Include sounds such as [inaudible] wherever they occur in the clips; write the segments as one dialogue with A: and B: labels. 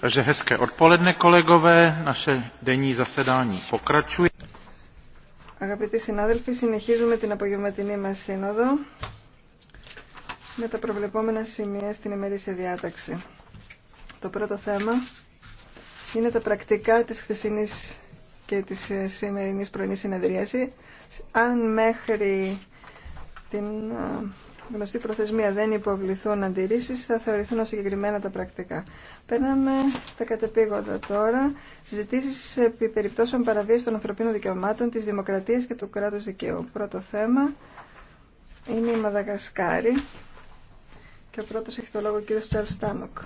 A: Αγαπητοί
B: συνάδελφοι, συνεχίζουμε την απογευματινή μα σύνοδο με τα προβλεπόμενα σημεία στην ημερήσια διάταξη. Το πρώτο θέμα είναι τα πρακτικά της χθεσινής και της σημερινής πρωινής συνεδρίαση; Αν μέχρι την γνωστή προθεσμία δεν υποβληθούν αντιρρήσεις, θα θεωρηθούν συγκεκριμένα τα πρακτικά. Παίρναμε στα κατεπήγοντα τώρα συζητήσεις επί περιπτώσεων παραβίαση των ανθρωπίνων δικαιωμάτων, της δημοκρατίας και του κράτου δικαίου. Πρώτο θέμα είναι η Μαδαγασκάρη. Και ο πρώτος έχει το λόγο ο κύριος Τσάρλ Στάνοκ.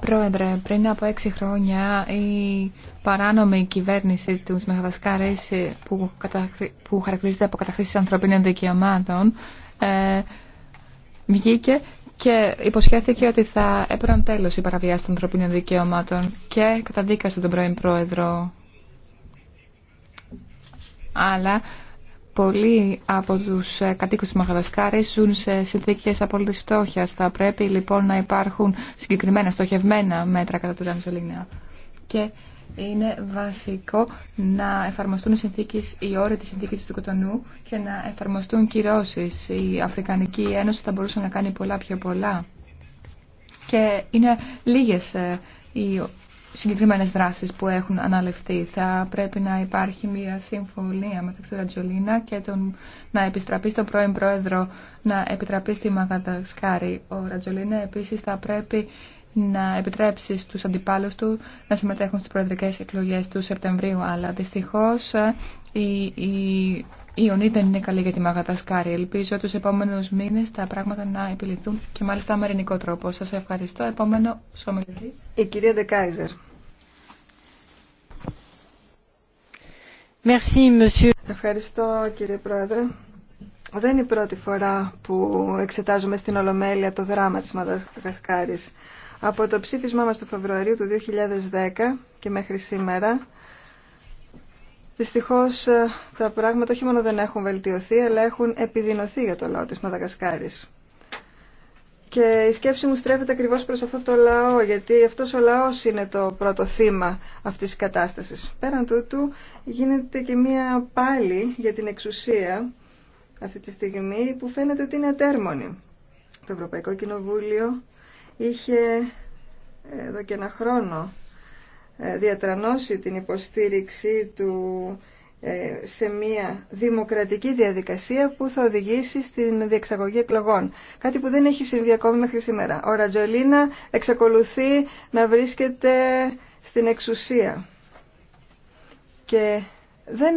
A: Πρόεδρε, πριν από έξι χρόνια η παράνομη κυβέρνηση του Μεχαβασκάρης που, χαρακτηρίζεται από καταχρήσεις ανθρωπίνων δικαιωμάτων ε, βγήκε και υποσχέθηκε ότι θα έπαιρναν τέλος η παραβιάση των ανθρωπίνων δικαιωμάτων και καταδίκασε τον πρώην πρόεδρο. Αλλά Πολλοί από τους ε, κατοίκους της Μαγαδασκάρης ζουν σε συνθήκες απόλυτης φτώχειας. Θα πρέπει λοιπόν να υπάρχουν συγκεκριμένα στοχευμένα μέτρα κατά του Ρανζολίνα. Και είναι βασικό να εφαρμοστούν οι συνθήκες, οι όροι της συνθήκης του Κοτονού και να εφαρμοστούν κυρώσεις. Η Αφρικανική Ένωση θα μπορούσε να κάνει πολλά πιο πολλά. Και είναι λίγες ε, οι συγκεκριμένες δράσεις που έχουν αναλευτεί. Θα πρέπει να υπάρχει μια συμφωνία μεταξύ Ρατζολίνα και τον, να επιστραπεί στον πρώην πρόεδρο να επιτραπεί στη Μαγαδασκάρη. Ο Ρατζολίνα επίσης θα πρέπει να επιτρέψει στους αντιπάλους του να συμμετέχουν στις προεδρικές εκλογές του Σεπτεμβρίου. Αλλά δυστυχώς ε, η, η, η δεν είναι καλή για τη Μαγατασκάρη. Ελπίζω τους επόμενους μήνες τα πράγματα να επιληθούν και μάλιστα με τρόπο. Σας ευχαριστώ. Επόμενο σομιλητής.
B: Η κυρία Ντεκάιζερ. Ευχαριστώ κύριε Πρόεδρε. Δεν είναι η πρώτη φορά που εξετάζουμε στην Ολομέλεια το δράμα της Μαδασκάρης. Από το ψήφισμά μας του Φεβρουαρίου του 2010 και μέχρι σήμερα, δυστυχώς ε, τα πράγματα όχι μόνο δεν έχουν βελτιωθεί, αλλά έχουν επιδεινωθεί για το λαό της Μαδασκάρης. Και η σκέψη μου στρέφεται ακριβώς προς αυτό το λαό, γιατί αυτός ο λαός είναι το πρώτο θύμα αυτής της κατάστασης. Πέραν τούτου γίνεται και μία πάλι για την εξουσία αυτή τη στιγμή που φαίνεται ότι είναι ατέρμονη. Το Ευρωπαϊκό Κοινοβούλιο είχε ε, εδώ και ένα χρόνο ε, διατρανώσει την υποστήριξη του ε, σε μια δημοκρατική διαδικασία που θα οδηγήσει στην διεξαγωγή εκλογών. Κάτι που δεν έχει συμβεί ακόμη μέχρι σήμερα. Ο Ρατζολίνα εξακολουθεί να βρίσκεται στην εξουσία και δεν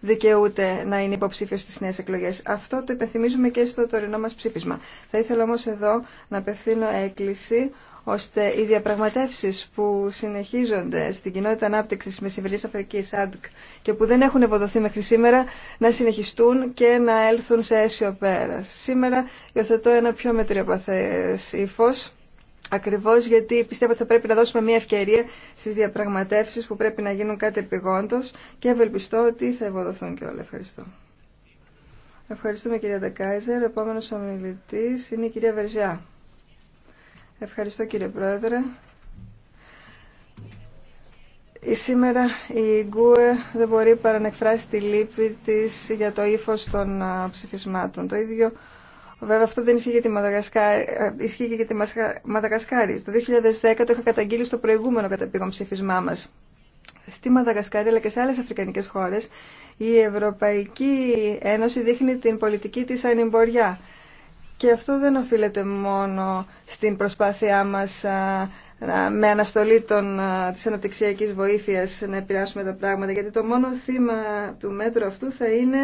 B: δικαιούται να είναι υποψήφιος στις νέες εκλογές. Αυτό το υπενθυμίζουμε και στο τωρινό μας ψήφισμα. Θα ήθελα όμως εδώ να απευθύνω έκκληση ώστε οι διαπραγματεύσει που συνεχίζονται στην κοινότητα με συμβουλή Αφρική ΑΝΤΚ και που δεν έχουν ευοδοθεί μέχρι σήμερα να συνεχιστούν και να έλθουν σε αίσιο πέρα. Σήμερα υιοθετώ ένα πιο μετριοπαθέ ύφο. Ακριβώ γιατί πιστεύω ότι θα πρέπει να δώσουμε μια ευκαιρία στι διαπραγματεύσει που πρέπει να γίνουν κάτι επιγόντω και ευελπιστώ ότι θα ευοδοθούν και όλα. Ευχαριστώ. Ευχαριστούμε κυρία Δεκάιζερ. Ο επόμενος είναι η κυρία Βερζιά. Ευχαριστώ κύριε Πρόεδρε. Σήμερα η Γκουε δεν μπορεί παρά να εκφράσει τη λύπη της για το ύφος των ψηφισμάτων. Το ίδιο Βέβαια αυτό δεν ισχύει για τη, ισχύει και για τη Μαδαγασκάρη. Το 2010 το είχα καταγγείλει στο προηγούμενο καταπήγον ψήφισμά μας. Στη Μαδαγασκάρη αλλά και σε άλλες αφρικανικές χώρες η Ευρωπαϊκή Ένωση δείχνει την πολιτική της ανημπορία. Και αυτό δεν οφείλεται μόνο στην προσπάθειά μας με αναστολή των, της αναπτυξιακής βοήθειας να επηρεάσουμε τα πράγματα, γιατί το μόνο θύμα του μέτρου αυτού θα είναι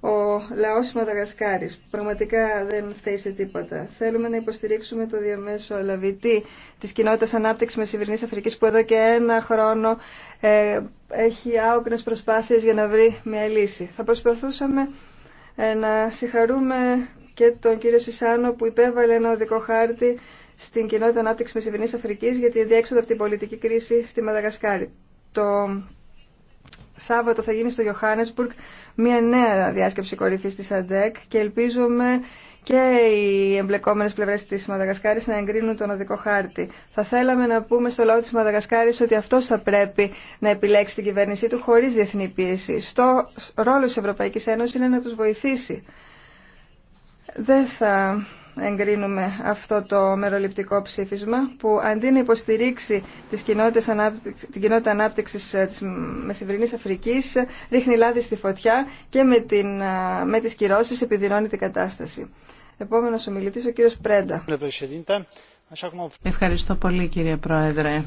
B: ο λαός Μαδαγασκάρης. Πραγματικά δεν φταίει σε τίποτα. Θέλουμε να υποστηρίξουμε το διαμέσο λαβητή της κοινότητας ανάπτυξης Μεσημβρινής Αφρικής που εδώ και ένα χρόνο ε, έχει άοκνες προσπάθειες για να βρει μια λύση. Θα προσπαθούσαμε ε, να συγχαρούμε και τον κύριο Σισάνο που υπέβαλε ένα οδικό χάρτη στην κοινότητα ανάπτυξη Μεσηβινή Αφρική για τη διέξοδο από την πολιτική κρίση στη Μαδαγασκάρη. Το Σάββατο θα γίνει στο Johannesburg μια νέα διάσκεψη κορυφή τη ΑΝΤΕΚ και ελπίζουμε και οι εμπλεκόμενε πλευρέ τη Μαδαγασκάρη να εγκρίνουν τον οδικό χάρτη. Θα θέλαμε να πούμε στο λαό τη Μαδαγασκάρη ότι αυτό θα πρέπει να επιλέξει την κυβέρνησή του χωρί διεθνή πίεση. Στο ρόλο τη Ευρωπαϊκή Ένωση είναι να του βοηθήσει δεν θα εγκρίνουμε αυτό το μεροληπτικό ψήφισμα που αντί να υποστηρίξει τις την κοινότητα ανάπτυξης ε, της Μεσημβρινής Αφρικής ρίχνει λάδι στη φωτιά και με, την, ε, με τις κυρώσεις επιδεινώνει την κατάσταση. Επόμενος ομιλητής ο κύριος Πρέντα.
C: Ευχαριστώ πολύ κύριε Πρόεδρε.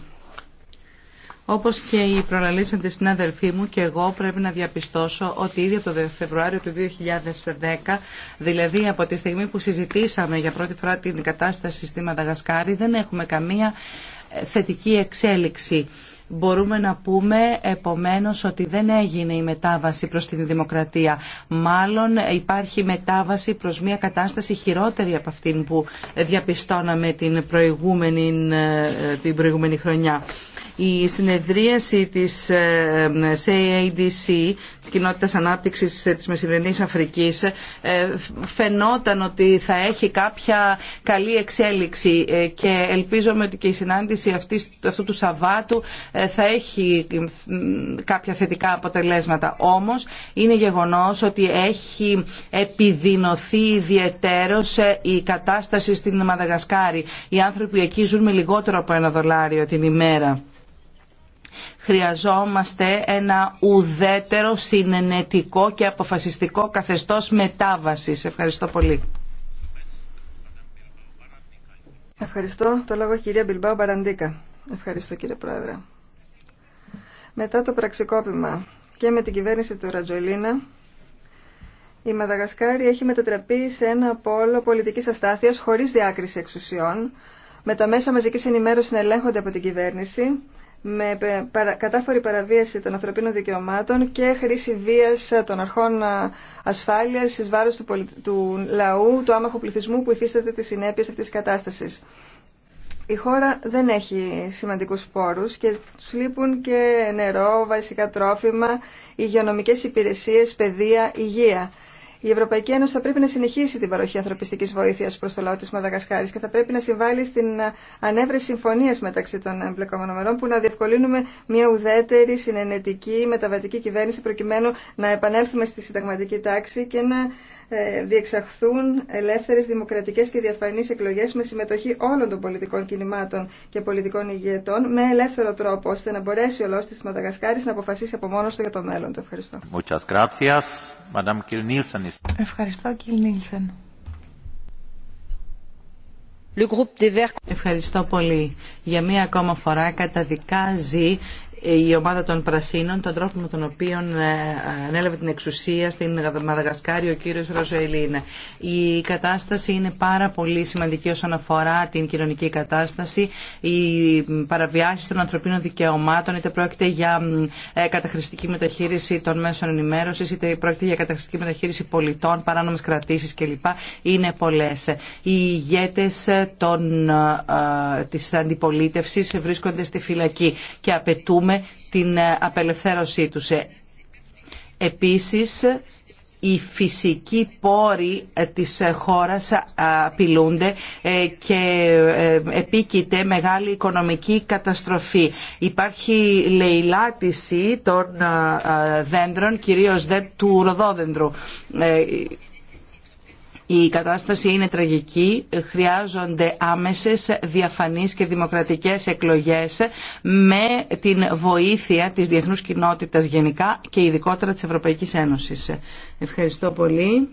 C: Όπως και οι προλαλήσαντες συνάδελφοί μου και εγώ πρέπει να διαπιστώσω ότι ήδη από το Φεβρουάριο του 2010, δηλαδή από τη στιγμή που συζητήσαμε για πρώτη φορά την κατάσταση στη Μαδαγασκάρη, δεν έχουμε καμία ε, θετική εξέλιξη. Μπορούμε να πούμε επομένως ότι δεν έγινε η μετάβαση προς την δημοκρατία. Μάλλον ε, υπάρχει μετάβαση προς μια κατάσταση χειρότερη από αυτήν που ε, διαπιστώναμε την προηγούμενη, την προηγούμενη χρονιά. Η συνεδρίαση της CADC, ε, της Κοινότητας Ανάπτυξης ε, της Μεσημερινής Αφρικής, ε, φαινόταν ότι θα έχει κάποια καλή εξέλιξη και ελπίζομαι ότι και η συνάντηση αυτή, αυτού του Σαββάτου θα έχει κάποια θετικά αποτελέσματα. Όμως είναι γεγονός ότι έχει επιδεινωθεί ιδιαιτέρως η κατάσταση στην Μαδαγασκάρη. Οι άνθρωποι εκεί ζουν με λιγότερο από ένα δολάριο την ημέρα. Χρειαζόμαστε ένα ουδέτερο, συνενετικό και αποφασιστικό καθεστώς μετάβασης. Ευχαριστώ πολύ.
B: Ευχαριστώ. Το λόγο κυρία Μπιλμπάου Μπαραντίκα. Ευχαριστώ κύριε Πρόεδρε. Μετά το πραξικόπημα και με την κυβέρνηση του Ρατζολίνα, η Μαδαγασκάρη έχει μετατραπεί σε ένα πόλο πολιτικής αστάθειας χωρίς διάκριση εξουσιών, με τα μέσα μαζικής ενημέρωσης ελέγχονται από την κυβέρνηση με κατάφορη παραβίαση των ανθρωπίνων δικαιωμάτων και χρήση βίας ε, των αρχών ε, ασφάλειας εις βάρος του, λαού, του άμαχου πληθυσμού που υφίσταται τις συνέπειες αυτής της κατάστασης. Η χώρα δεν έχει σημαντικούς πόρους και τους λείπουν και νερό, βασικά τρόφιμα, υγειονομικές υπηρεσίες, παιδεία, υγεία. Η Ευρωπαϊκή Ένωση θα πρέπει να συνεχίσει την παροχή ανθρωπιστική βοήθεια προ το λαό τη Μαδαγασκάρη και θα πρέπει να συμβάλλει στην ανέβρεση συμφωνία μεταξύ των εμπλεκόμενων μερών που να διευκολύνουμε μια ουδέτερη, συνενετική, μεταβατική κυβέρνηση προκειμένου να επανέλθουμε στη συνταγματική τάξη και να ε, διεξαχθούν ελεύθερες, δημοκρατικές και διαφανείς εκλογές με συμμετοχή όλων των πολιτικών κινημάτων και πολιτικών ηγετών με ελεύθερο τρόπο, ώστε να μπορέσει ο λαός της Μαδαγασκάρης να αποφασίσει από μόνος του για το μέλλον του. Ευχαριστώ.
C: Ευχαριστώ, Ευχαριστώ πολύ. Για μία ακόμα φορά καταδικάζει η ομάδα των Πρασίνων τον τρόπο με τον οποίο ε, ανέλαβε την εξουσία στην Μαδαγασκάρη ο κύριος Ροζοελίν. Η κατάσταση είναι πάρα πολύ σημαντική όσον αφορά την κοινωνική κατάσταση, οι παραβιάσει των ανθρωπίνων δικαιωμάτων, είτε πρόκειται για ε, καταχρηστική μεταχείριση των μέσων ενημέρωσης, είτε πρόκειται για καταχρηστική μεταχείριση πολιτών, παράνομες κρατήσεις κλπ. Είναι πολλές. Οι ηγέτες τη ε, της βρίσκονται στη φυλακή και απαιτούμε την ε, απελευθέρωσή τους. Ε, επίσης, οι φυσικοί πόροι ε, της χώρας απειλούνται και επίκειται μεγάλη οικονομική καταστροφή. Υπάρχει λαιλάτιση των δέντρων, κυρίως του ροδόδεντρου η κατάσταση είναι τραγική, χρειάζονται άμεσες διαφανείς και δημοκρατικές εκλογές με την βοήθεια της διεθνούς κοινότητας γενικά και ειδικότερα της Ευρωπαϊκής Ένωσης. Ευχαριστώ πολύ.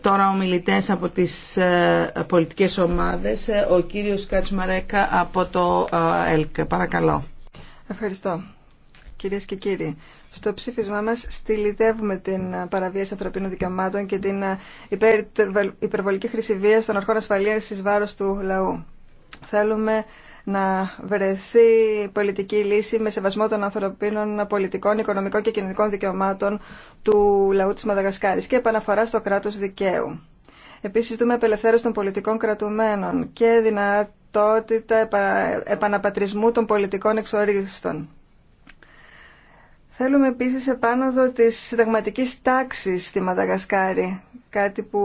C: Τώρα ομιλητές από τις ε, πολιτικές ομάδες, ο κύριος Κατσμαρέκα από το ε, ΕΛΚ. Παρακαλώ.
B: Ευχαριστώ. Κυρίες και κύριοι, στο ψήφισμά μας στυλιτεύουμε την παραβίαση ανθρωπίνων δικαιωμάτων και την υπερβολική χρήση βίας των αρχών ασφαλείας στις βάρος του λαού. Θέλουμε να βρεθεί πολιτική λύση με σεβασμό των ανθρωπίνων πολιτικών, οικονομικών και κοινωνικών δικαιωμάτων του λαού της Μαδαγασκάρης και επαναφορά στο κράτος δικαίου. Επίσης, δούμε απελευθέρωση των πολιτικών κρατουμένων και δυνατότητα επαναπατρισμού των πολιτικών εξορίστων. Θέλουμε επίσης επάνωδο της συνταγματικής τάξης στη Μαδαγασκάρη, κάτι που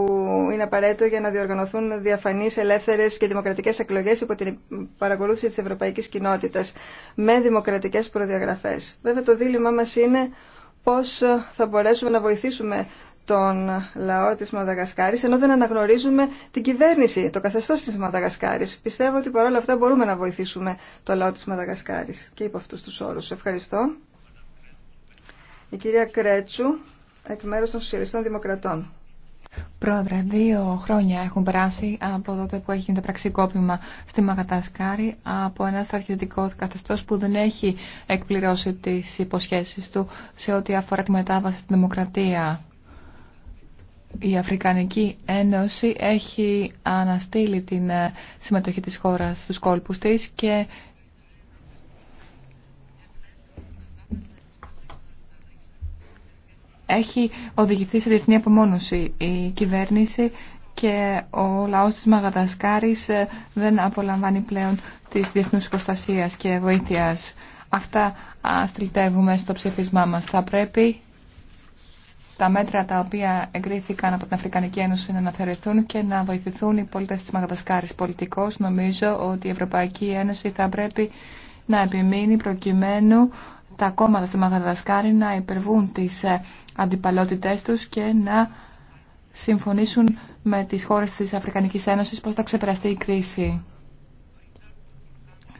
B: είναι απαραίτητο για να διοργανωθούν διαφανείς, ελεύθερες και δημοκρατικές εκλογές υπό την παρακολούθηση της ευρωπαϊκής κοινότητας, με δημοκρατικές προδιαγραφές. Βέβαια το δίλημά μας είναι πώς θα μπορέσουμε να βοηθήσουμε τον λαό της Μαδαγασκάρης, ενώ δεν αναγνωρίζουμε την κυβέρνηση, το καθεστώς της Μαδαγασκάρης. Πιστεύω ότι παρόλα αυτά μπορούμε να βοηθήσουμε το λαό της Μαδαγασκάρης και υπό αυτούς τους όρους. Ευχαριστώ. Η κυρία Κρέτσου, εκ μέρους των Σοσιαλιστών Δημοκρατών.
A: Πρόεδρε, δύο χρόνια έχουν περάσει από τότε που έγινε το πραξικόπημα στη Μαγατασκάρη από ένα στρατιωτικό καθεστώς που δεν έχει εκπληρώσει τις υποσχέσεις του σε ό,τι αφορά τη μετάβαση στη δημοκρατία. Η Αφρικανική Ένωση έχει αναστείλει την ε, συμμετοχή της χώρας στους κόλπους της και έχει οδηγηθεί σε διεθνή απομόνωση η κυβέρνηση και ο λαός της Μαγαδασκάρης ε, δεν απολαμβάνει πλέον της διεθνούς προστασίας και βοήθειας. Αυτά στριτεύουμε στο ψηφισμά μας. Θα πρέπει τα μέτρα τα οποία εγκρίθηκαν από την Αφρικανική Ένωση να αναθερεθούν και να βοηθηθούν οι πολίτες της Μαγαδασκάρης πολιτικώς. Νομίζω ότι η Ευρωπαϊκή Ένωση θα πρέπει να επιμείνει προκειμένου τα κόμματα στη Μαγαδασκάρη να υπερβούν τις ε, αντιπαλότητές τους και να συμφωνήσουν με τις χώρες της Αφρικανικής Ένωσης πώς θα ξεπεραστεί η κρίση.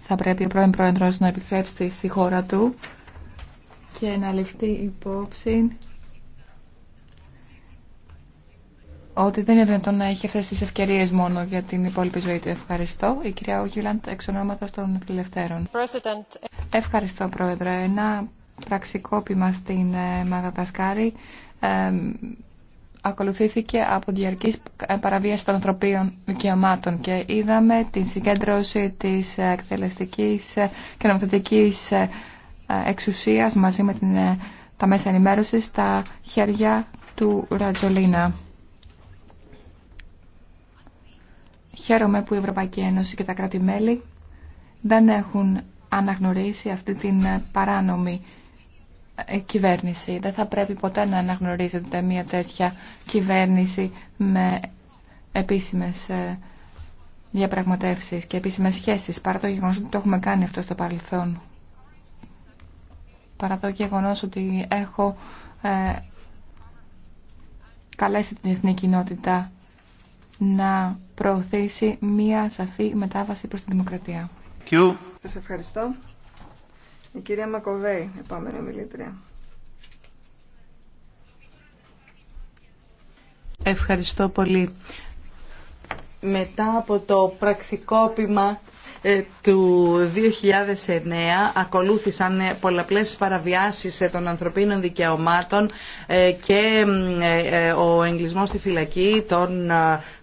A: Θα πρέπει ο πρώην πρόεδρος να επιτρέψει στη χώρα του και να ληφθεί υπόψη ότι δεν είναι δυνατόν να έχει αυτές τι ευκαιρίες μόνο για την υπόλοιπη ζωή του. Ευχαριστώ. Η κυρία Ογιουλάντ, εξ ονόματο των Φιλελευθέρων. Ευχαριστώ, Πρόεδρε. Ένα πραξικόπημα στην ε, Μαγαδασκάρη ακολουθήθηκε από διαρκή ε, παραβίαση των ανθρωπίων δικαιωμάτων και είδαμε την συγκέντρωση της ε, εκτελεστικής και νομοθετικής εξουσίας μαζί με την, τα μέσα ενημέρωση στα χέρια του Ρατζολίνα. Χαίρομαι που η Ευρωπαϊκή Ένωση και τα κράτη-μέλη δεν έχουν αναγνωρίσει αυτή την ε, παράνομη ε, κυβέρνηση. Δεν θα πρέπει ποτέ να αναγνωρίζεται μια τέτοια κυβέρνηση με επίσημες ε, διαπραγματεύσεις και επίσημες σχέσεις, παρά το γεγονός ότι το έχουμε κάνει αυτό στο παρελθόν. Παρά το γεγονός ότι έχω καλέσει την εθνική κοινότητα να προωθήσει μία σαφή μετάβαση προς τη δημοκρατία.
B: Σας ευχαριστώ. Η κυρία Μακοβέη, επόμενη μιλήτρια.
C: Ευχαριστώ πολύ. Μετά από το πραξικόπημα ε, του 2009 ακολούθησαν πολλαπλές παραβιάσεις ε, των ανθρωπίνων δικαιωμάτων ε, και ο εγκλισμός στη φυλακή των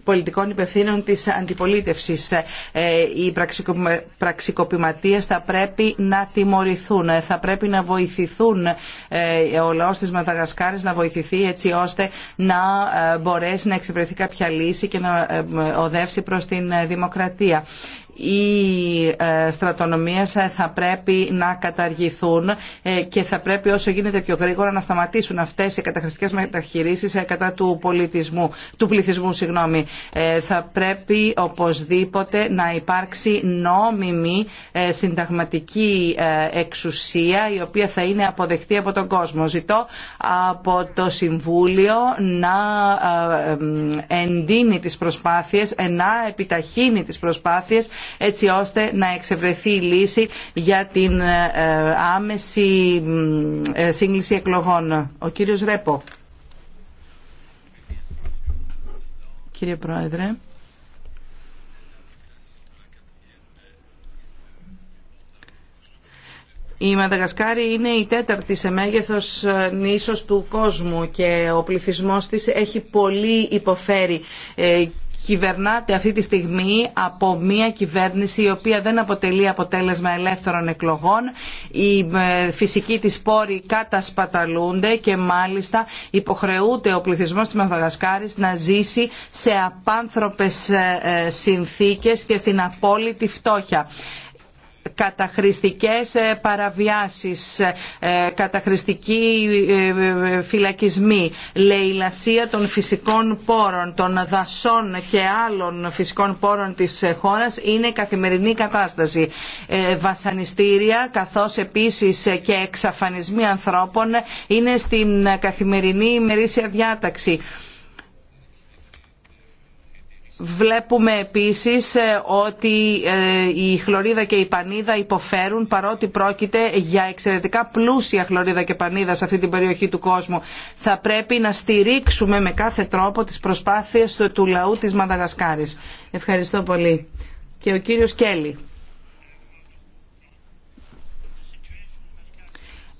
C: πολιτικών υπευθύνων της αντιπολίτευσης. Οι πραξικοπηματίες θα πρέπει να τιμωρηθούν, θα πρέπει να βοηθηθούν ο λαός της Ματαγασκάρης να βοηθηθεί έτσι ώστε να μπορέσει να εξυπηρεθεί κάποια λύση και να οδεύσει προς την δημοκρατία οι ε, στρατονομίες ε, θα πρέπει να καταργηθούν ε, και θα πρέπει όσο γίνεται πιο γρήγορα να σταματήσουν αυτές οι καταχρηστικές μεταχειρήσεις κατά του, πολιτισμού, του πληθυσμού. Συγγνώμη. Θα πρέπει οπωσδήποτε να υπάρξει νόμιμη συνταγματική εξουσία η οποία θα είναι αποδεκτή από τον κόσμο. Ζητώ από το Συμβούλιο να εντείνει τις προσπάθειες, να επιταχύνει τις προσπάθειες έτσι ώστε να εξευρεθεί η λύση για την ε, ε, άμεση ε, σύγκληση εκλογών. Ο κύριος Ρέπο. Κύριε Πρόεδρε. Η Μαδαγασκάρη είναι η τέταρτη σε μέγεθος νήσος του κόσμου και ο πληθυσμός της έχει πολύ υποφέρει κυβερνάται αυτή τη στιγμή από μια κυβέρνηση η οποία δεν αποτελεί αποτέλεσμα ελεύθερων εκλογών. Οι ε, φυσικοί της πόροι κατασπαταλούνται και μάλιστα υποχρεούται ο πληθυσμός της Μαδαγασκάρης να ζήσει σε απάνθρωπες ε, ε, συνθήκες και στην απόλυτη φτώχεια καταχρηστικές ε, παραβιάσεις, ε, καταχρηστικοί ε, φυλακισμοί, λαιλασία των φυσικών πόρων, των δασών και άλλων φυσικών πόρων της χώρας είναι καθημερινή κατάσταση. Βασανιστήρια καθώς επίσης και εξαφανισμοί ανθρώπων είναι στην καθημερινή ημερήσια διάταξη Βλέπουμε επίσης ε, ότι ε, η χλωρίδα και η πανίδα υποφέρουν παρότι πρόκειται για εξαιρετικά πλούσια χλωρίδα και πανίδα σε αυτή την περιοχή του κόσμου. Θα πρέπει να στηρίξουμε με κάθε τρόπο τις προσπάθειες του λαού της Μαδαγασκάρης. Ευχαριστώ πολύ. Και ο κύριος Κέλλη.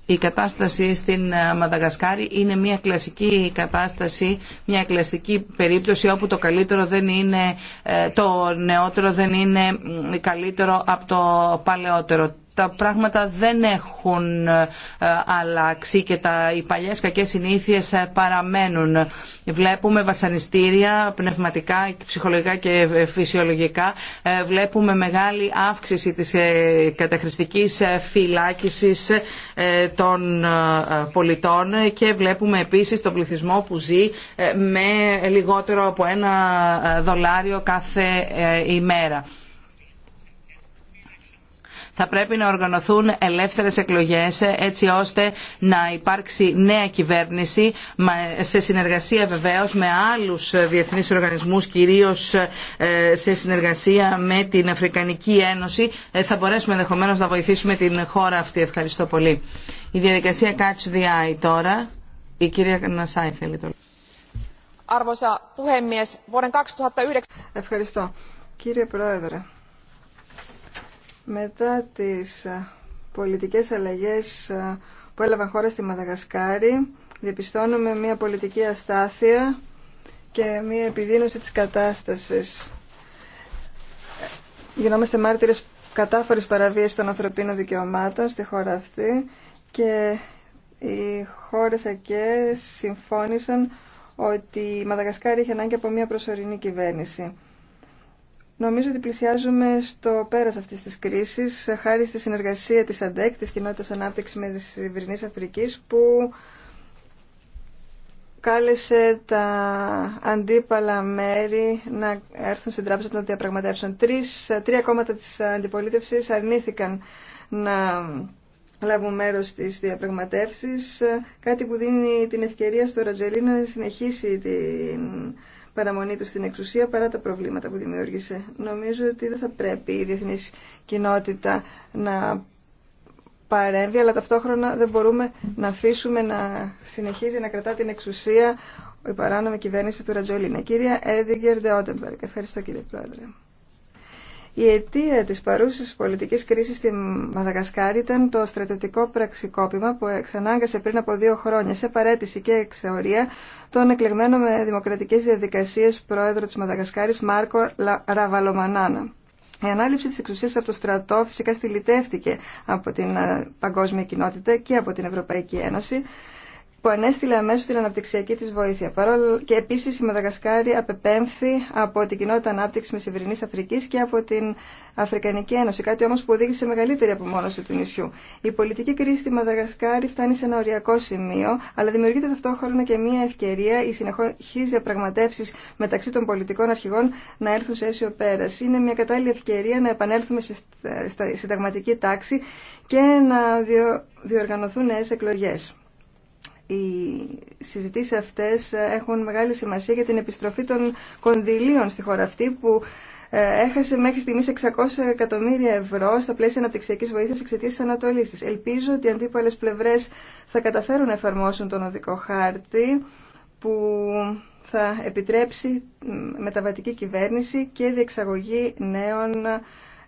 C: η κατάσταση στην ε, Μαδαγασκάρη είναι μια κλασική κατάσταση, μια κλασική περίπτωση όπου το καλύτερο δεν είναι, ε, το νεότερο δεν είναι καλύτερο από το παλαιότερο τα πράγματα δεν έχουν ε, αλλάξει και τα, οι παλιές κακές συνήθειες ε, παραμένουν. Βλέπουμε βασανιστήρια πνευματικά, ψυχολογικά και ε, φυσιολογικά. Βλέπουμε μεγάλη αύξηση της καταχρηστικής φυλάκισης των πολιτών και βλέπουμε επίσης τον πληθυσμό που ζει με λιγότερο από ένα δολάριο κάθε ημέρα. Θα πρέπει να οργανωθούν ελεύθερες εκλογές ε, έτσι ώστε να υπάρξει νέα κυβέρνηση σε συνεργασία βεβαίως με άλλους ε, διεθνείς οργανισμούς, κυρίως ε, σε συνεργασία με την Αφρικανική Ένωση. Θα μπορέσουμε ενδεχομένω να βοηθήσουμε την χώρα αυτή. Ευχαριστώ πολύ. Η διαδικασία Catch the Eye τώρα. Η κυρία Νασάη θέλει το
A: puhemies, vuoden 2009... Ευχαριστώ.
B: Κύριε Πρόεδρε, μετά τις ε, πολιτικές αλλαγές ε, που έλαβαν χώρα στη Μαδαγασκάρη, διαπιστώνουμε μια πολιτική αστάθεια και μια επιδείνωση της κατάστασης. Γινόμαστε μάρτυρες κατάφορης παραβίασης των ανθρωπίνων δικαιωμάτων στη χώρα αυτή και οι χώρες ΑΚΕ συμφώνησαν ότι η Μαδαγασκάρη είχε ανάγκη από μια προσωρινή κυβέρνηση. Νομίζω ότι πλησιάζουμε στο πέρας αυτής της κρίσης χάρη στη συνεργασία τη ΑΝΤΕΚ, τη κοινότητα ανάπτυξη με τη Ιβρινής Αφρική που κάλεσε τα αντίπαλα μέρη να έρθουν στην Τράπεζα των Διαπραγματεύσεων. Τρεις, τρία κόμματα της αντιπολίτευσης αρνήθηκαν να λάβουν μέρος στις διαπραγματεύσεις, κάτι που δίνει την ευκαιρία στο Ρατζολί να συνεχίσει την παραμονή του στην εξουσία παρά τα προβλήματα που δημιούργησε. Νομίζω ότι δεν θα πρέπει η διεθνή κοινότητα να παρέμβει, αλλά ταυτόχρονα δεν μπορούμε να αφήσουμε να συνεχίζει να κρατά την εξουσία η παράνομη κυβέρνηση του Ρατζολίνα. Κυρία Έδιγκερ Ντεότεμπεργκ, Ευχαριστώ κύριε Πρόεδρε. Η αιτία της παρούσης πολιτικής κρίσης στη Μαδαγασκάρη ήταν το στρατιωτικό πραξικόπημα που εξανάγκασε πριν από δύο χρόνια σε παρέτηση και εξαιωρία τον εκλεγμένο με δημοκρατικές διαδικασίες πρόεδρο της Μαδαγασκάρης Μάρκο Ραβαλομανάνα. Η ανάληψη της εξουσίας από το στρατό φυσικά στυλιτεύτηκε από την ε, παγκόσμια κοινότητα και από την Ευρωπαϊκή Ένωση που ανέστηλε αμέσω την αναπτυξιακή της βοήθεια. Παρόλο και επίση η Μαδαγασκάρη απεπέμφθη από την κοινότητα ανάπτυξη Μεσηβρινής Αφρικής και από την Αφρικανική Ένωση, κάτι όμως που οδήγησε σε μεγαλύτερη απομόνωση του νησιού. Η πολιτική κρίση στη Μαδαγασκάρη φτάνει σε ένα οριακό σημείο, αλλά δημιουργείται ταυτόχρονα και μια ευκαιρία οι συνεχεί διαπραγματεύσει μεταξύ των πολιτικών αρχηγών να έρθουν σε αίσιο πέρα. Είναι μια κατάλληλη ευκαιρία να επανέλθουμε στη συνταγματική τάξη και να διοργανωθούν νέε εκλογέ οι συζητήσεις αυτές έχουν μεγάλη σημασία για την επιστροφή των κονδυλίων στη χώρα αυτή που ε, έχασε μέχρι στιγμής 600 εκατομμύρια ευρώ στα πλαίσια αναπτυξιακής βοήθειας εξαιτίας της Ανατολής της. Ελπίζω ότι οι αντίπαλες πλευρές θα καταφέρουν να εφαρμόσουν τον οδικό χάρτη που θα επιτρέψει μεταβατική κυβέρνηση και διεξαγωγή νέων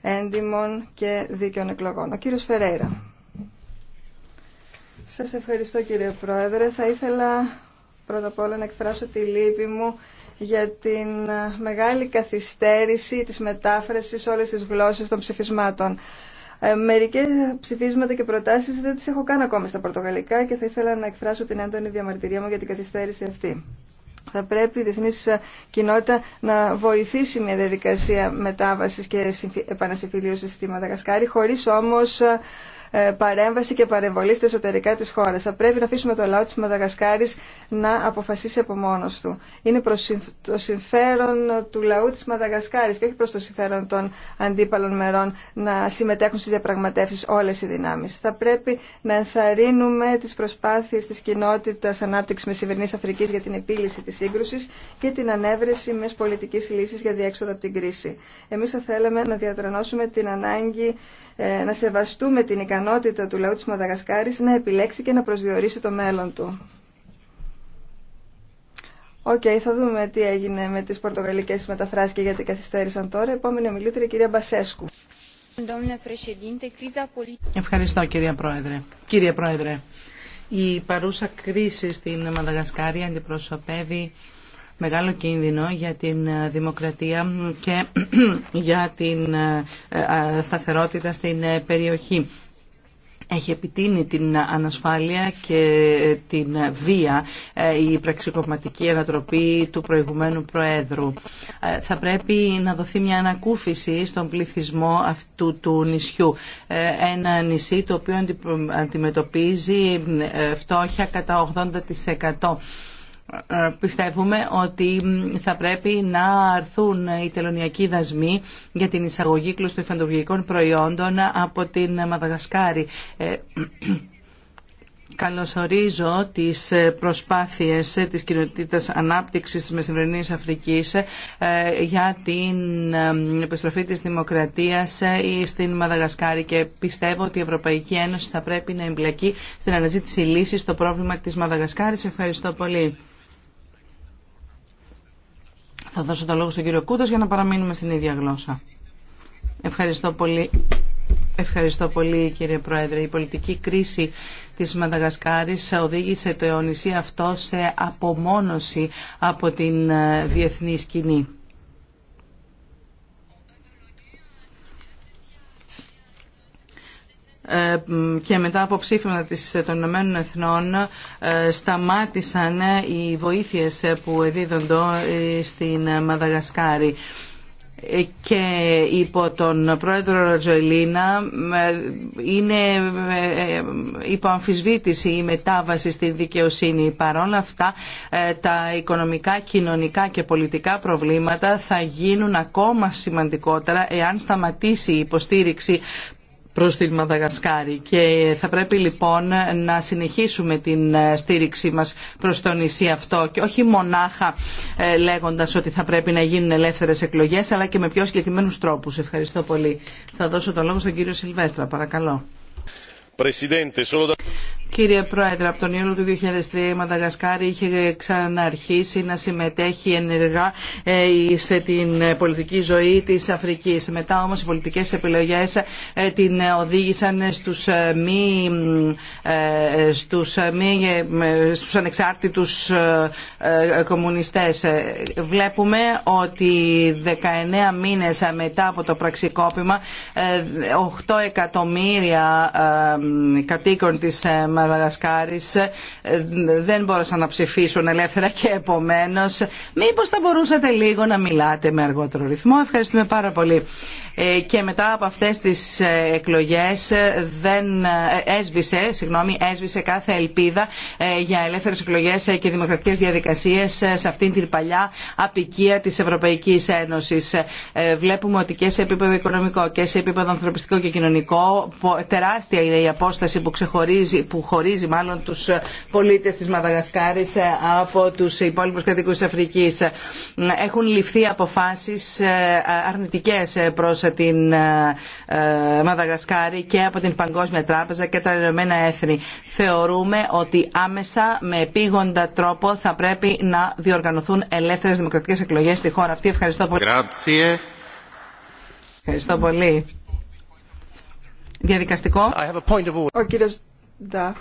B: έντιμων και δίκαιων εκλογών. Ο κύριος Φερέιρα. Σας ευχαριστώ κύριε Πρόεδρε. Θα ήθελα πρώτα απ' όλα να εκφράσω τη λύπη μου για την ε, μεγάλη καθυστέρηση της μετάφρασης όλες τις γλώσσες των ψηφισμάτων. Ε, μερικέ ψηφίσματα και προτάσεις δεν τι έχω καν ακόμα στα πορτογαλικά και θα ήθελα να εκφράσω την έντονη διαμαρτυρία μου για την καθυστέρηση αυτή. Θα πρέπει η διεθνή ε, κοινότητα να βοηθήσει μια διαδικασία μετάβαση και επανασυμφιλίωση στη Μαδαγασκάρη, χωρί όμω. Ε, παρέμβαση και παρεμβολή στα εσωτερικά τη χώρα. Θα πρέπει να αφήσουμε το λαό τη Μαδαγασκάρης να αποφασίσει από μόνο του. Είναι προ το συμφέρον του λαού τη Μαδαγασκάρης και όχι προ το συμφέρον των αντίπαλων μερών να συμμετέχουν στι διαπραγματεύσει όλε οι δυνάμει. Θα πρέπει να ενθαρρύνουμε τις προσπάθειες της κοινότητας ανάπτυξης Μεσημερινής Αφρική για την επίλυση τη σύγκρουση και την ανέβρεση μια πολιτική λύση για διέξοδο από την κρίση. Εμεί θα θέλαμε να διατρανώσουμε την ανάγκη ε, να σεβαστούμε την ικανότητα του λαού της Μαδαγασκάρης να επιλέξει και να προσδιορίσει το μέλλον του. Οκ, okay, θα δούμε τι έγινε με τις πορτογαλικές μεταφράσεις και γιατί καθυστέρησαν τώρα. Επόμενη ομιλήτρια, κυρία Μπασέσκου.
C: Ευχαριστώ, κυρία Πρόεδρε. Κύριε Πρόεδρε, η παρούσα κρίση στην Μαδαγασκάρη αντιπροσωπεύει μεγάλο κίνδυνο για την ε, δημοκρατία και [clears throat] για την ε, ε, σταθερότητα στην περιοχή. Έχει επιτείνει την ανασφάλεια και την βία η πραξικοπηματική ανατροπή του προηγουμένου Προέδρου. Θα πρέπει να δοθεί μια ανακούφιση στον πληθυσμό αυτού του νησιού. Ένα νησί το οποίο αντιμετωπίζει φτώχεια κατά 80%. Ε, πιστεύουμε ότι θα πρέπει να αρθούν οι τελωνιακοί δασμοί για την εισαγωγή κλωστοϊφαντουργικών προϊόντων από την Μαδαγασκάρη. Ε, [clears throat] καλωσορίζω τις προσπάθειες της κοινότητας ανάπτυξης της Μεσημβρινής Αφρικής ε, για την επιστροφή της δημοκρατίας στην Μαδαγασκάρη και πιστεύω ότι η Ευρωπαϊκή Ένωση θα πρέπει να εμπλακεί στην αναζήτηση λύσης στο πρόβλημα της Μαδαγασκάρης. Ευχαριστώ πολύ. Θα δώσω το λόγο στον κύριο Κούτος για να παραμείνουμε στην ίδια γλώσσα. Ευχαριστώ πολύ. Ευχαριστώ πολύ κύριε Πρόεδρε. Η πολιτική κρίση της Μαδαγασκάρης οδήγησε το νησί αυτό σε απομόνωση από την ε, διεθνή σκηνή. Ε, και μετά από ψήφιμα της, των Ηνωμένων Εθνών ε, σταμάτησαν οι βοήθειες που εδίδονται ε, στην Μαδαγασκάρη και υπό τον πρόεδρο Ρατζοελίνα είναι υπό αμφισβήτηση η μετάβαση στη δικαιοσύνη. Παρόλα αυτά τα οικονομικά, κοινωνικά και πολιτικά προβλήματα θα γίνουν ακόμα σημαντικότερα εάν σταματήσει η υποστήριξη Προ την Μαδαγασκάρη και θα πρέπει λοιπόν να συνεχίσουμε την ε, στήριξή μα προς το νησί αυτό και όχι μονάχα ε, λέγοντας ότι θα πρέπει να γίνουν ελεύθερες εκλογές αλλά και με πιο συγκεκριμένου τρόπους. Ευχαριστώ πολύ. Θα δώσω το λόγο στον κύριο Σιλβέστρα, παρακαλώ. Κύριε Πρόεδρε, από τον Ιούνιο του 2003 η Μαδαγασκάρη είχε ξαναρχίσει να συμμετέχει ενεργά ε, σε την πολιτική ζωή της Αφρικής. Μετά όμως οι πολιτικές επιλογές ε, την οδήγησαν στους ε, μη, στους μη στους ανεξάρτητους κομμουνιστές. Βλέπουμε ότι 19 μήνες μετά από το πραξικόπημα 8 εκατομμύρια κατοίκων της Μαδαγασκάρη Μαδαγασκάρης ε, δεν μπόρεσαν να ψηφίσουν ελεύθερα και επομένως μήπως θα μπορούσατε λίγο να μιλάτε με αργότερο ρυθμό. Ευχαριστούμε πάρα πολύ. Ε, και μετά από αυτές τις ε, εκλογές δεν έσβησε, συγγνώμη, έσβησε κάθε ελπίδα για ελεύθερες εκλογές και δημοκρατικές διαδικασίες σε αυτήν την παλιά απικία της Ευρωπαϊκής Ένωσης. Βλέπουμε ότι και σε επίπεδο οικονομικό και σε επίπεδο ανθρωπιστικό και κοινωνικό τεράστια είναι η απόσταση που ξεχωρίζει, που χωρίζει μάλλον τους ε, πολίτες της Μαδαγασκάρης ε, από τους υπόλοιπους κατοίκους της Αφρικής. Ε, έχουν ληφθεί αποφάσεις αρνητικές προς την Μαδαγασκάρη και από την Παγκόσμια Τράπεζα και τα Ηνωμένα Έθνη. Θεωρούμε ότι άμεσα με επίγοντα τρόπο θα πρέπει να διοργανωθούν ελεύθερες δημοκρατικές εκλογές στη χώρα αυτή. Ευχαριστώ πολύ. Ευχαριστώ πολύ. Διαδικαστικό. I Νταφ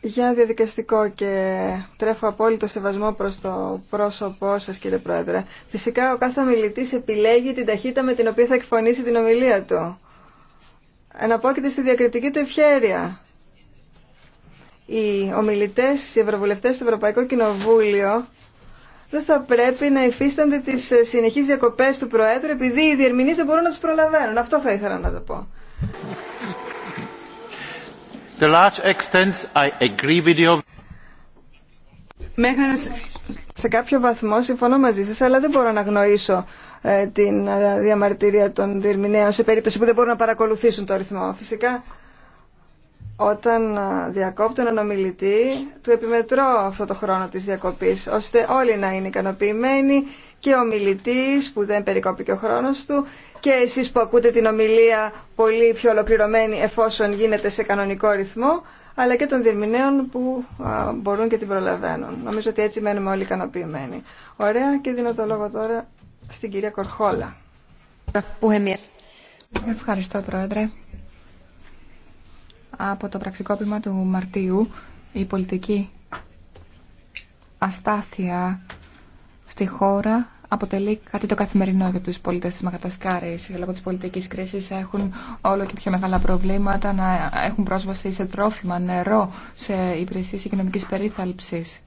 B: για διαδικαστικό και τρέφω απόλυτο σεβασμό προς το πρόσωπό σας κύριε Πρόεδρε. Φυσικά ο κάθε ομιλητής επιλέγει την ταχύτητα με την οποία θα εκφωνήσει την ομιλία του. Αναπόκειται στη διακριτική του ευχέρεια. Οι ομιλητές, οι ευρωβουλευτές του Ευρωπαϊκού Κοινοβούλιο δεν θα πρέπει να υφίστανται τις ε, συνεχείς διακοπές του Προέδρου επειδή οι διερμηνεί δεν μπορούν να του προλαβαίνουν. Αυτό θα ήθελα να το πω.
A: The large extents, I agree with you.
B: Σε κάποιο βαθμό συμφωνώ μαζί σας, αλλά δεν μπορώ να γνωρίσω ε, την ε, διαμαρτυρία των διερμηνέων σε περίπτωση που δεν μπορούν να παρακολουθήσουν το ρυθμό. Φυσικά όταν ε, διακόπτω έναν ομιλητή, του επιμετρώ αυτό το χρόνο της διακοπής, ώστε όλοι να είναι ικανοποιημένοι και ο ομιλητής που δεν περικόπηκε και ο χρόνος του και εσείς που ακούτε την ομιλία πολύ πιο ολοκληρωμένη εφόσον γίνεται σε κανονικό ρυθμό, αλλά και των διερμηνέων που μπορούν και την προλαβαίνουν. Νομίζω ότι έτσι μένουμε όλοι ικανοποιημένοι. Ωραία και δίνω το λόγο τώρα στην κυρία Κορχόλα.
A: Ευχαριστώ, Πρόεδρε από το πραξικόπημα του Μαρτίου η πολιτική αστάθεια στη χώρα αποτελεί κάτι το καθημερινό για τους πολίτες της Μαγατασκάρης. Λόγω της πολιτικής κρίσης έχουν όλο και πιο μεγάλα προβλήματα να έχουν πρόσβαση σε τρόφιμα, νερό, σε υπηρεσίες οικονομικής περίθαλψης.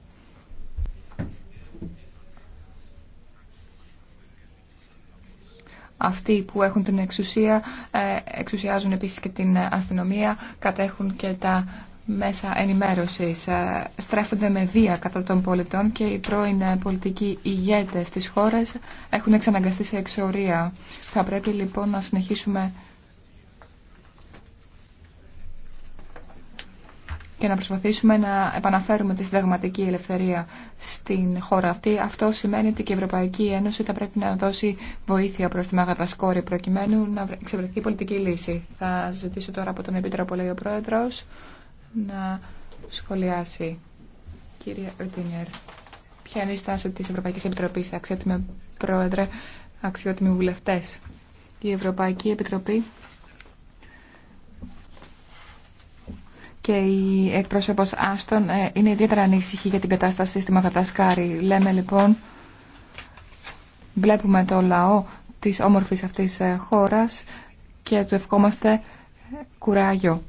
A: Αυτοί που έχουν την εξουσία ε, εξουσιάζουν επίσης και την αστυνομία, κατέχουν και τα μέσα ενημέρωσης ε, στρέφονται με βία κατά των πολιτών και οι πρώην πολιτικοί ηγέτες της χώρας έχουν εξαναγκαστεί σε εξορία. Θα πρέπει λοιπόν να συνεχίσουμε και να προσπαθήσουμε να επαναφέρουμε τη συνταγματική ελευθερία στην χώρα αυτή. Αυτό σημαίνει ότι και η Ευρωπαϊκή Ένωση θα πρέπει να δώσει βοήθεια προς τη Δασκόρη προκειμένου να εξευρεθεί πολιτική λύση. Θα ζητήσω τώρα από τον Επίτροπο, λέει ο Πρόεδρος, να σχολιάσει. Κύριε Οτινιέρ, ποια είναι η στάση της Ευρωπαϊκής Επιτροπής, αξιότιμε Πρόεδρε, αξιότιμοι βουλευτέ. Η Ευρωπαϊκή Επιτροπή και η εκπρόσωπος Άστον ε, είναι ιδιαίτερα ανήσυχη για την κατάσταση στη Μαγατασκάρη. Λέμε λοιπόν, βλέπουμε το λαό της όμορφης αυτής ε, χώρας και του ευχόμαστε ε, κουράγιο.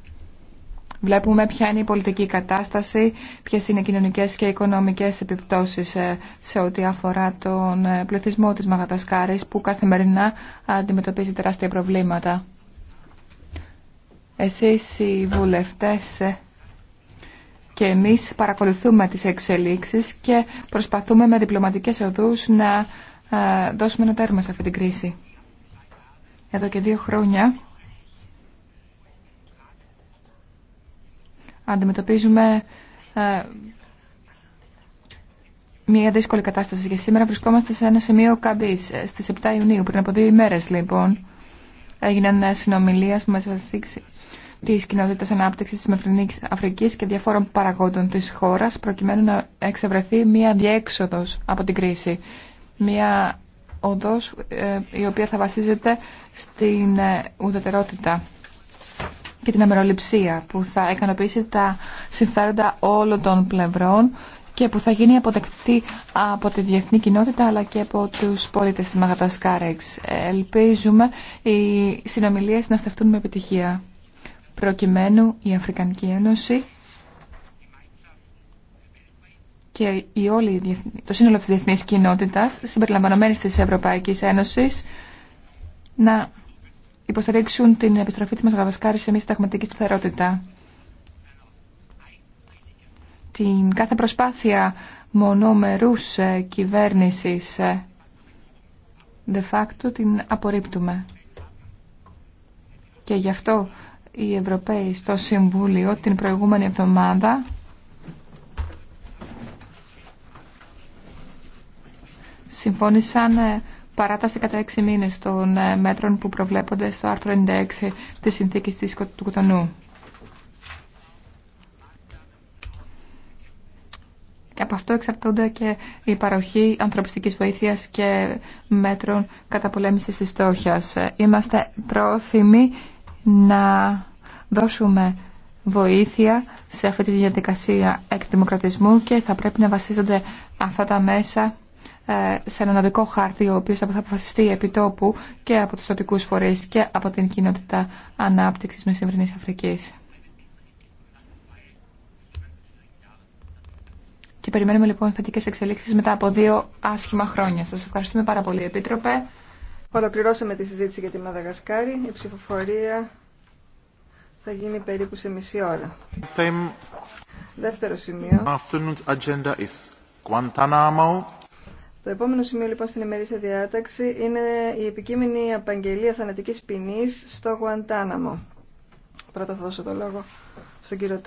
A: Βλέπουμε ποια είναι η πολιτική κατάσταση, ποιες είναι οι κοινωνικές και οικονομικές επιπτώσεις σε ό,τι αφορά τον πληθυσμό της Μαγατασκάρης που καθημερινά αντιμετωπίζει τεράστια προβλήματα. Εσείς οι βουλευτές ε, και εμείς παρακολουθούμε τις εξελίξεις και προσπαθούμε με διπλωματικές οδούς να ε, δώσουμε ένα τέρμα σε αυτή την κρίση. Εδώ και δύο χρόνια αντιμετωπίζουμε ε, μια δύσκολη κατάσταση και σήμερα βρισκόμαστε σε ένα σημείο καμπής στις 7 Ιουνίου πριν από δύο ημέρες λοιπόν έγιναν συνομιλίες μέσα τη κοινότητα ανάπτυξη τη Μεφρινή Αφρική και διαφόρων παραγόντων τη χώρα, προκειμένου να εξευρεθεί μια διέξοδο από την κρίση. Μια οδό ε, η οποία θα βασίζεται στην ε, ουδετερότητα και την αμεροληψία που θα ικανοποιήσει τα συμφέροντα όλων των πλευρών και που θα γίνει αποτεκτή από τη διεθνή κοινότητα αλλά και από τους πολίτες της Μαγατασκάρεξ. Ελπίζουμε οι συνομιλίες να στεφτούν με επιτυχία προκειμένου η Αφρικανική Ένωση και η όλη, το σύνολο της διεθνής κοινότητας συμπεριλαμβανομένης της Ευρωπαϊκής Ένωσης να υποστηρίξουν την επιστροφή της Μαγαδασκάρης σε μη συνταγματική σταθερότητα την κάθε προσπάθεια μονομερούς ε, κυβέρνησης ε, de facto την απορρίπτουμε. Και γι' αυτό οι Ευρωπαίοι στο Συμβούλιο την προηγούμενη εβδομάδα συμφώνησαν ε, παράταση κατά έξι μήνες των μέτρων που προβλέπονται στο άρθρο 96 της συνθήκης της του Και από αυτό εξαρτώνται και η παροχή ανθρωπιστικής βοήθειας και μέτρων καταπολέμησης της στόχιας. Είμαστε πρόθυμοι να δώσουμε βοήθεια σε αυτή τη διαδικασία εκδημοκρατισμού και θα πρέπει να βασίζονται αυτά τα μέσα ε, σε έναν οδικό χάρτη ο οποίος θα αποφασιστεί επί τόπου και από τους τοπικούς φορείς και από την κοινότητα ανάπτυξης Μεσημβρινής Αφρικής. περιμένουμε λοιπόν θετικέ εξελίξει μετά από δύο άσχημα χρόνια. Σα ευχαριστούμε πάρα πολύ, Επίτροπε.
B: Ολοκληρώσαμε τη συζήτηση για τη Μαδαγασκάρη. Η ψηφοφορία θα γίνει περίπου σε μισή ώρα. Δεύτερο σημείο. Το επόμενο σημείο λοιπόν στην ημερήσια διάταξη είναι η επικείμενη απαγγελία θανατικής ποινής στο Γουαντάναμο. Πρώτα θα δώσω το λόγο στον κύριο